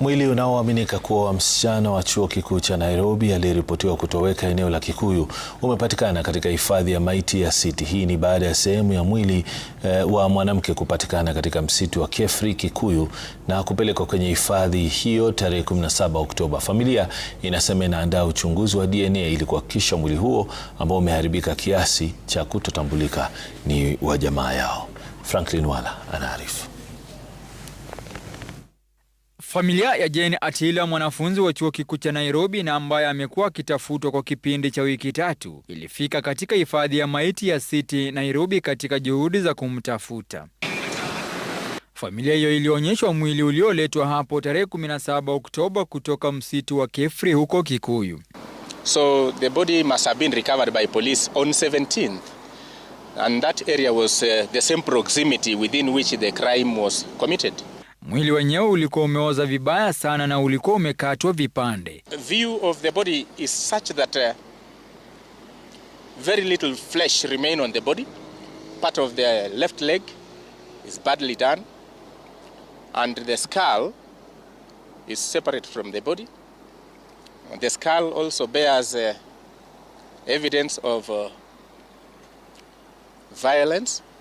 Mwili unaoaminika kuwa wa msichana wa chuo kikuu cha Nairobi aliyeripotiwa kutoweka eneo la Kikuyu umepatikana katika hifadhi ya maiti ya City. Hii ni baada ya sehemu ya mwili eh, wa mwanamke kupatikana katika msitu wa Kefri, Kikuyu na kupelekwa kwenye hifadhi hiyo tarehe 17 Oktoba. Familia inasema inaandaa uchunguzi wa DNA ili kuhakikisha mwili huo ambao umeharibika kiasi cha kutotambulika ni wa jamaa yao. Franklin Wala anaarifu. Familia ya Jane Atila, mwanafunzi wa chuo kikuu cha Nairobi na ambaye amekuwa akitafutwa kwa kipindi cha wiki tatu, ilifika katika hifadhi ya maiti ya City Nairobi katika juhudi za kumtafuta. Familia hiyo ilionyeshwa mwili ulioletwa hapo tarehe 17 Oktoba kutoka msitu wa Kefri huko Kikuyu. So the body must have been recovered by police on 17th and that area was uh, the same proximity within which the crime was committed. Mwili wenyewe ulikuwa umeoza vibaya sana na ulikuwa umekatwa vipande. View of the body is such that uh, very little flesh remain on the body. Part of the left leg is badly done and the skull is separate from the body. The skull also bears uh, evidence of uh, violence.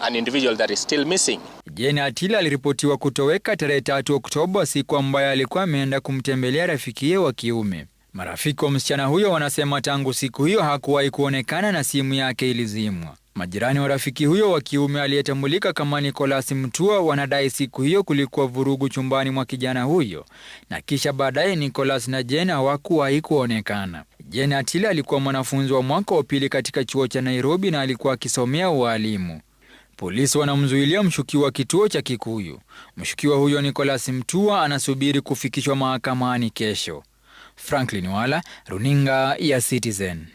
an individual that is still missing. Jane Atila aliripotiwa kutoweka tarehe 3 Oktoba, siku ambayo alikuwa ameenda kumtembelea rafikiye wa kiume. Marafiki wa msichana huyo wanasema tangu siku hiyo hakuwahi kuonekana na simu yake ilizimwa. Majirani wa rafiki huyo wa kiume aliyetambulika kama Nicolas Mtua wanadai siku hiyo kulikuwa vurugu chumbani mwa kijana huyo, na kisha baadaye nicolas na Jane hawakuwahi kuonekana. Jane Atila alikuwa mwanafunzi wa mwaka wa pili katika chuo cha Nairobi na alikuwa akisomea ualimu. Polisi wanamzuilia mshukiwa kituo cha Kikuyu. Mshukiwa huyo Nicholas Mtua anasubiri kufikishwa mahakamani kesho. Franklin Wala, runinga ya Citizen.